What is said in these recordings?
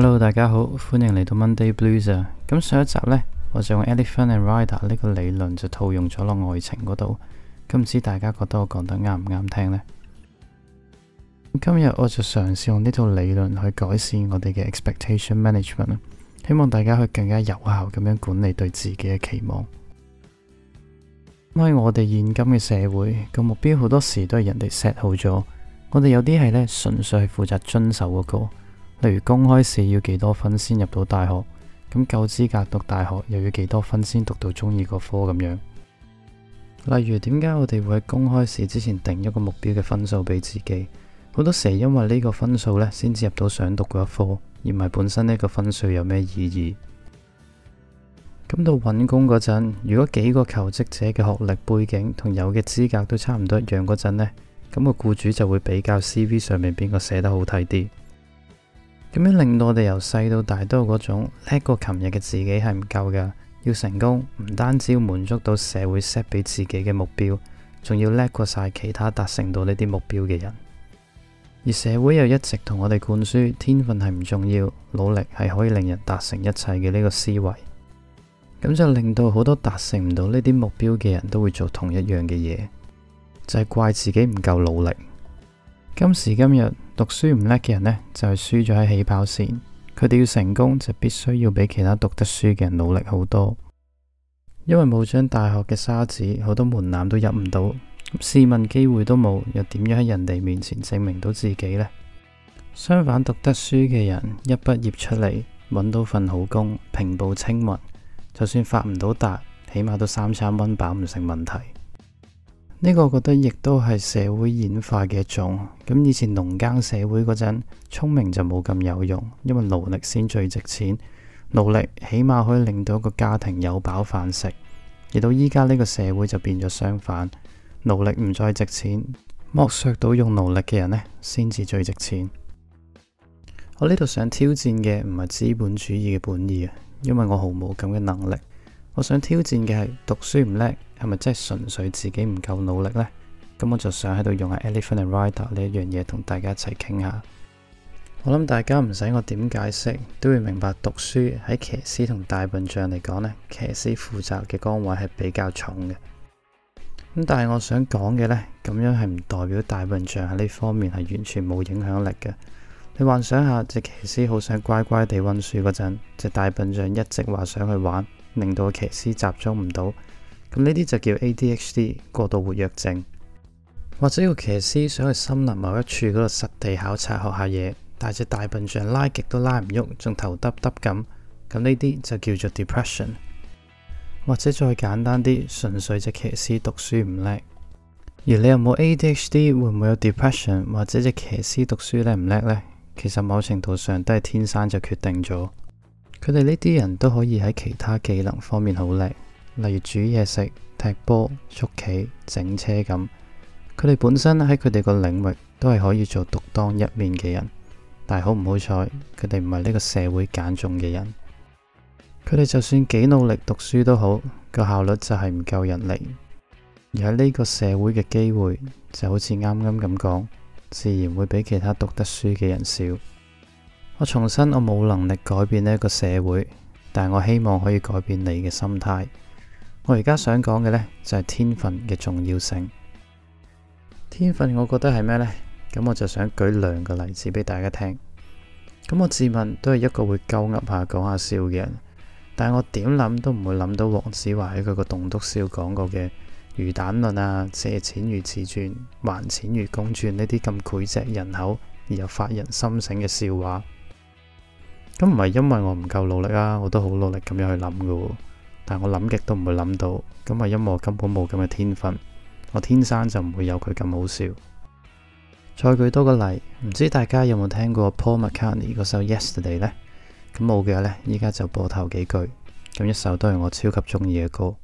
Hello，大家好，歡迎嚟到 Monday Blues 啊！咁上一集呢，我就用 Elephant and Rider 呢個理論就套用咗落愛情嗰度，咁唔知大家覺得我講得啱唔啱聽呢？今日我就嘗試用呢套理論去改善我哋嘅 expectation management 啦，希望大家去更加有效咁樣管理對自己嘅期望。咁喺我哋現今嘅社會，個目標好多時都係人哋 set 好咗，我哋有啲係咧，純粹係負責遵守嗰個。例如公開試要幾多分先入到大學？咁夠資格讀大學又要幾多分先讀到中意個科咁樣？例如點解我哋會喺公開試之前定一個目標嘅分數俾自己？好多時因為呢個分數呢先至入到想讀嗰一科，而唔係本身呢個分數有咩意義？咁到揾工嗰陣，如果幾個求職者嘅學歷背景同有嘅資格都差唔多一樣嗰陣呢，咁個僱主就會比較 CV 上面邊個寫得好睇啲。咁樣令到我哋由細到大都有嗰種叻過琴日嘅自己係唔夠噶，要成功唔單止要滿足到社會 set 俾自己嘅目標，仲要叻過晒其他達成到呢啲目標嘅人。而社會又一直同我哋灌輸天分係唔重要，努力係可以令人達成一切嘅呢個思維，咁就令到好多達成唔到呢啲目標嘅人都會做同一樣嘅嘢，就係怪自己唔夠努力。今時今日，讀書唔叻嘅人呢，就係輸咗喺起跑線。佢哋要成功就必須要比其他讀得書嘅人努力好多，因為冇張大學嘅沙紙，好多門檻都入唔到。試問機會都冇，又點樣喺人哋面前證明到自己呢？相反，讀得書嘅人一畢業出嚟，揾到份好工，平步青雲，就算發唔到達，起碼都三餐溫飽唔成問題。呢個我覺得亦都係社會演化嘅一種。咁以前農耕社會嗰陣，聰明就冇咁有，有用，因為勞力先最值錢。勞力起碼可以令到一個家庭有飽飯食。而到依家呢個社會就變咗相反，勞力唔再值錢，剝削到用勞力嘅人呢先至最值錢。我呢度想挑戰嘅唔係資本主義嘅本意啊，因為我毫無咁嘅能力。我想挑戰嘅係讀書唔叻。係咪真係純粹自己唔夠努力呢？咁我就想喺度用下 Elephant and Rider 呢一樣嘢，同大家一齊傾下。我諗大家唔使我點解釋，都會明白讀書喺騎師同大笨象嚟講呢，騎師負責嘅崗位係比較重嘅。咁但係我想講嘅呢，咁樣係唔代表大笨象喺呢方面係完全冇影響力嘅。你幻想下隻騎師好想乖乖地溫書嗰陣，隻大笨象一直話想去玩，令到個騎師集中唔到。咁呢啲就叫 ADHD 過度活躍症，或者個騎師想去森林某一處嗰度實地考察學下嘢，但隻大笨象拉極都拉唔喐，仲頭耷耷咁，咁呢啲就叫做 depression，或者再簡單啲，純粹隻騎師讀書唔叻，而你有冇 ADHD，會唔會有 depression，或者隻騎師讀書叻唔叻呢？其實某程度上都係天生就決定咗，佢哋呢啲人都可以喺其他技能方面好叻。例如煮嘢食、踢波、捉棋、整車咁，佢哋本身喺佢哋個領域都係可以做獨當一面嘅人。但係好唔好彩，佢哋唔係呢個社會揀中嘅人。佢哋就算幾努力讀書都好，個效率就係唔夠人嚟。而喺呢個社會嘅機會就好似啱啱咁講，自然會比其他讀得書嘅人少。我重申，我冇能力改變呢一個社會，但我希望可以改變你嘅心態。我而家想講嘅呢，就係、是、天分嘅重要性。天分我覺得係咩呢？咁我就想舉兩個例子俾大家聽。咁我自問都係一個會鳩噏下講下笑嘅人，但係我點諗都唔會諗到黃子華喺佢個棟篤笑講過嘅魚蛋論啊、借錢如自轉、還錢如公轉呢啲咁膾炙人口而又發人深省嘅笑話。咁唔係因為我唔夠努力啊，我都好努力咁樣去諗噶、啊。但我諗極都唔會諗到，咁係因為我根本冇咁嘅天分，我天生就唔會有佢咁好笑。再舉多個例，唔知大家有冇聽過 Paul McCartney 嗰首 Yesterday 呢？咁冇嘅話呢，依家就播頭幾句，咁一首都係我超級中意嘅歌。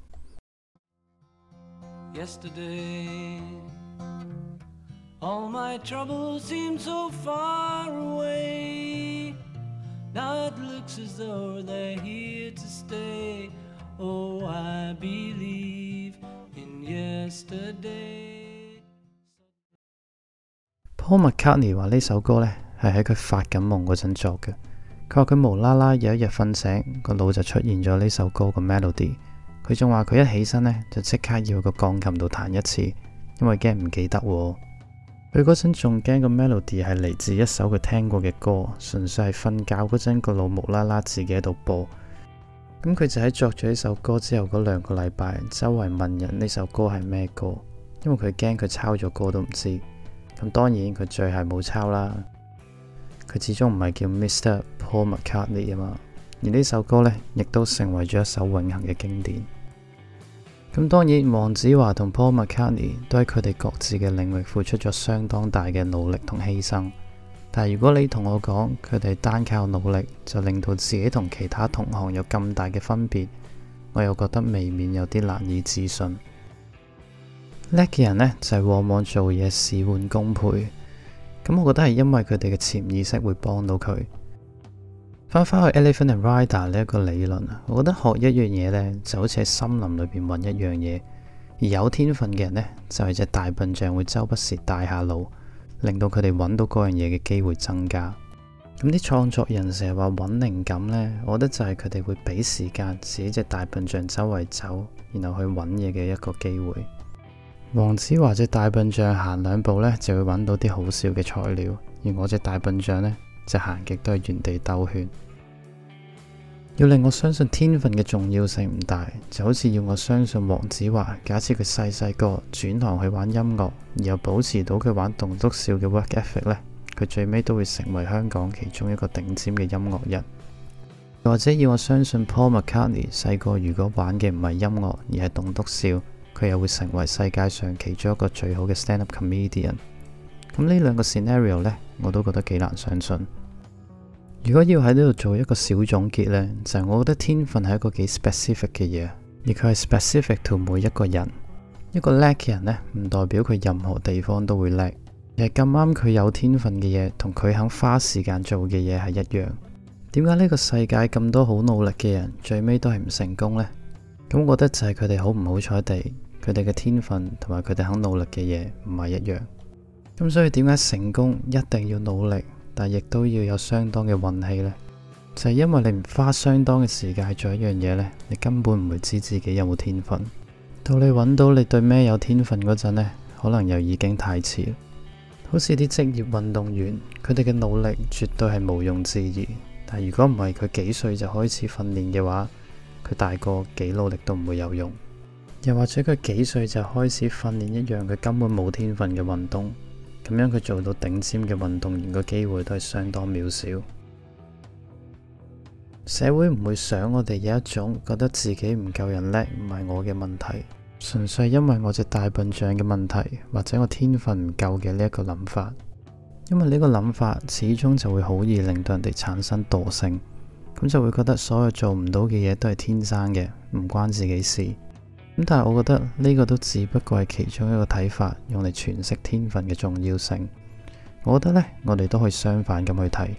Oh, I believe in yesterday. Paul McCartney 話呢首歌呢係喺佢發緊夢嗰陣作嘅。佢話佢無啦啦有一日瞓醒，個腦就出現咗呢首歌嘅 melody。佢仲話佢一起身呢，就即刻要去個鋼琴度彈一次，因為驚唔記得。佢嗰陣仲驚個 melody 係嚟自一首佢聽過嘅歌，純粹係瞓覺嗰陣個腦無啦啦自己喺度播。咁佢就喺作咗呢首歌之後，嗰兩個禮拜周圍問人呢首歌係咩歌？因為佢驚佢抄咗歌都唔知。咁當然佢最後係冇抄啦，佢始終唔係叫 Mr. Paul McCartney 啊嘛。而呢首歌呢，亦都成為咗一首永恒嘅經典。咁當然，黃子華同 Paul McCartney 都喺佢哋各自嘅領域付出咗相當大嘅努力同犧牲。但如果你同我講佢哋單靠努力就令到自己同其他同行有咁大嘅分別，我又覺得未免有啲難以置信。叻嘅人呢，就係往往做嘢事半功倍，咁我覺得係因為佢哋嘅潛意識會幫到佢。翻返去 Elephant and Rider 呢一個理論啊，我覺得學一樣嘢呢，就好似喺森林裏邊揾一樣嘢，而有天分嘅人呢，就係隻大笨象會周不時帶下路。令到佢哋揾到嗰樣嘢嘅機會增加，咁啲創作人成日話揾靈感呢，我覺得就係佢哋會俾時間自己隻大笨象周圍走，然後去揾嘢嘅一個機會。黃子華隻大笨象行兩步呢，就會揾到啲好笑嘅材料，而我隻大笨象呢，就行極都係原地兜圈。要令我相信天分嘅重要性唔大，就好似要我相信黃子華，假設佢細細個轉行去玩音樂，而又保持到佢玩棟篤笑嘅 work ethic 呢，佢最尾都會成為香港其中一個頂尖嘅音樂人；又或者要我相信 Paul McCartney 細個如果玩嘅唔係音樂而係棟篤笑，佢又會成為世界上其中一個最好嘅 stand up comedian。咁呢兩個 scenario 呢，我都覺得幾難相信。如果要喺呢度做一個小總結呢，就係、是、我覺得天分係一個幾 specific 嘅嘢，而佢係 specific to 每一個人。一個叻嘅人呢，唔代表佢任何地方都會叻，而係咁啱佢有天分嘅嘢，同佢肯花時間做嘅嘢係一樣。點解呢個世界咁多好努力嘅人，最尾都係唔成功呢？咁我覺得就係佢哋好唔好彩地，佢哋嘅天分同埋佢哋肯努力嘅嘢唔係一樣。咁所以點解成功一定要努力？但亦都要有相當嘅運氣呢，就係因為你唔花相當嘅時間去做一樣嘢呢，你根本唔會知自己有冇天分。到你揾到你對咩有天分嗰陣咧，可能又已經太遲。好似啲職業運動員，佢哋嘅努力絕對係毋庸置疑。但如果唔係佢幾歲就開始訓練嘅話，佢大個幾努力都唔會有用。又或者佢幾歲就開始訓練一樣佢根本冇天分嘅運動。咁樣佢做到頂尖嘅運動員嘅機會都係相當渺小。社會唔會想我哋有一種覺得自己唔夠人叻，唔係我嘅問題，純粹係因為我隻大笨象嘅問題，或者我天分唔夠嘅呢一個諗法。因為呢個諗法始終就會好易令到人哋產生惰性，咁就會覺得所有做唔到嘅嘢都係天生嘅，唔關自己事。咁但係我覺得呢個都只不過係其中一個睇法，用嚟詮釋天分嘅重要性。我覺得呢，我哋都可以相反咁去睇。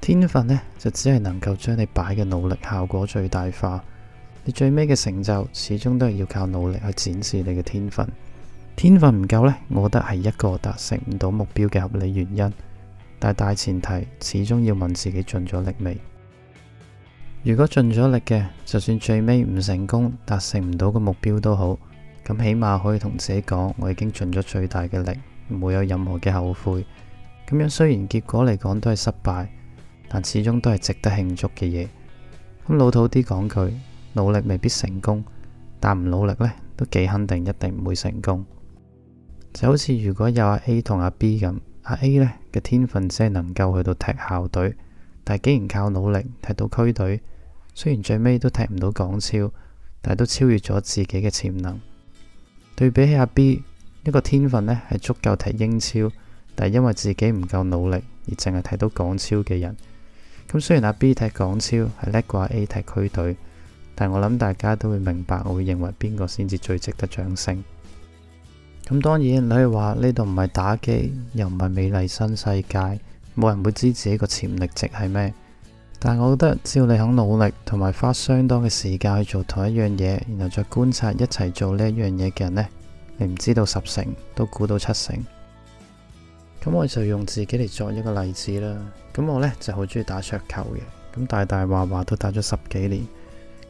天分呢，就只係能夠將你擺嘅努力效果最大化。你最尾嘅成就始終都係要靠努力去展示你嘅天分。天分唔夠呢，我覺得係一個達成唔到目標嘅合理原因。但係大前提始終要問自己盡咗力未？如果盡咗力嘅，就算最尾唔成功，達成唔到個目標都好，咁起碼可以同自己講，我已經盡咗最大嘅力，唔會有任何嘅後悔。咁樣雖然結果嚟講都係失敗，但始終都係值得慶祝嘅嘢。咁老土啲講句，努力未必成功，但唔努力呢，都幾肯定一定唔會成功。就好似如果有阿 A 同阿 B 咁，阿 A 呢嘅天分只係能夠去到踢校隊，但係既然靠努力踢到區隊，雖然最尾都踢唔到港超，但係都超越咗自己嘅潛能。對比起阿 B，一個天分咧係足夠踢英超，但係因為自己唔夠努力，而淨係踢到港超嘅人。咁雖然阿 B 踢港超係叻過阿 A 踢區隊，但我諗大家都會明白，我會認為邊個先至最值得掌聲。咁當然你可以話呢度唔係打機，又唔係美麗新世界，冇人會知自己個潛力值係咩。但係我覺得，只要你肯努力，同埋花相當嘅時間去做同一樣嘢，然後再觀察一齊做呢一樣嘢嘅人咧，你唔知道十成都估到七成。咁我就用自己嚟作一個例子啦。咁我呢就好中意打桌球嘅，咁大大話話都打咗十幾年。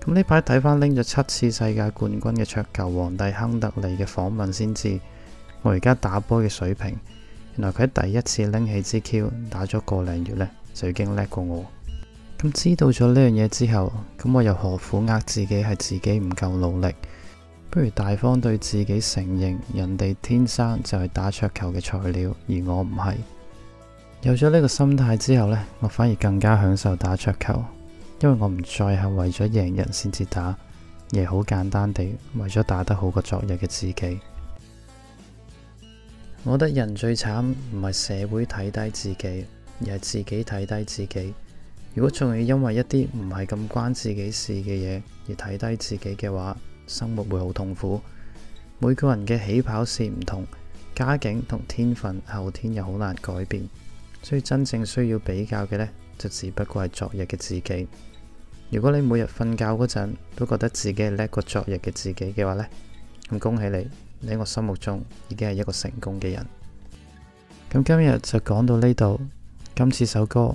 咁呢排睇返拎咗七次世界冠軍嘅桌球皇帝亨特利嘅訪問先知，我而家打波嘅水平，原來佢第一次拎起支 Q 打咗個零月呢，就已經叻過我。咁知道咗呢樣嘢之後，咁我又何苦呃自己係自己唔夠努力？不如大方對自己承認，人哋天生就係打桌球嘅材料，而我唔係。有咗呢個心態之後呢，我反而更加享受打桌球，因為我唔再係為咗贏人先至打，而好簡單地為咗打得好過昨日嘅自己。我覺得人最慘唔係社會睇低自己，而係自己睇低自己。如果仲要因為一啲唔係咁關自己事嘅嘢而睇低自己嘅話，生活會好痛苦。每個人嘅起跑綫唔同，家境同天份後天又好難改變，所以真正需要比較嘅呢，就只不過係昨日嘅自己。如果你每日瞓覺嗰陣都覺得自己係叻過昨日嘅自己嘅話呢，咁恭喜你，你喺我心目中已經係一個成功嘅人。咁今日就講到呢度，今次首歌，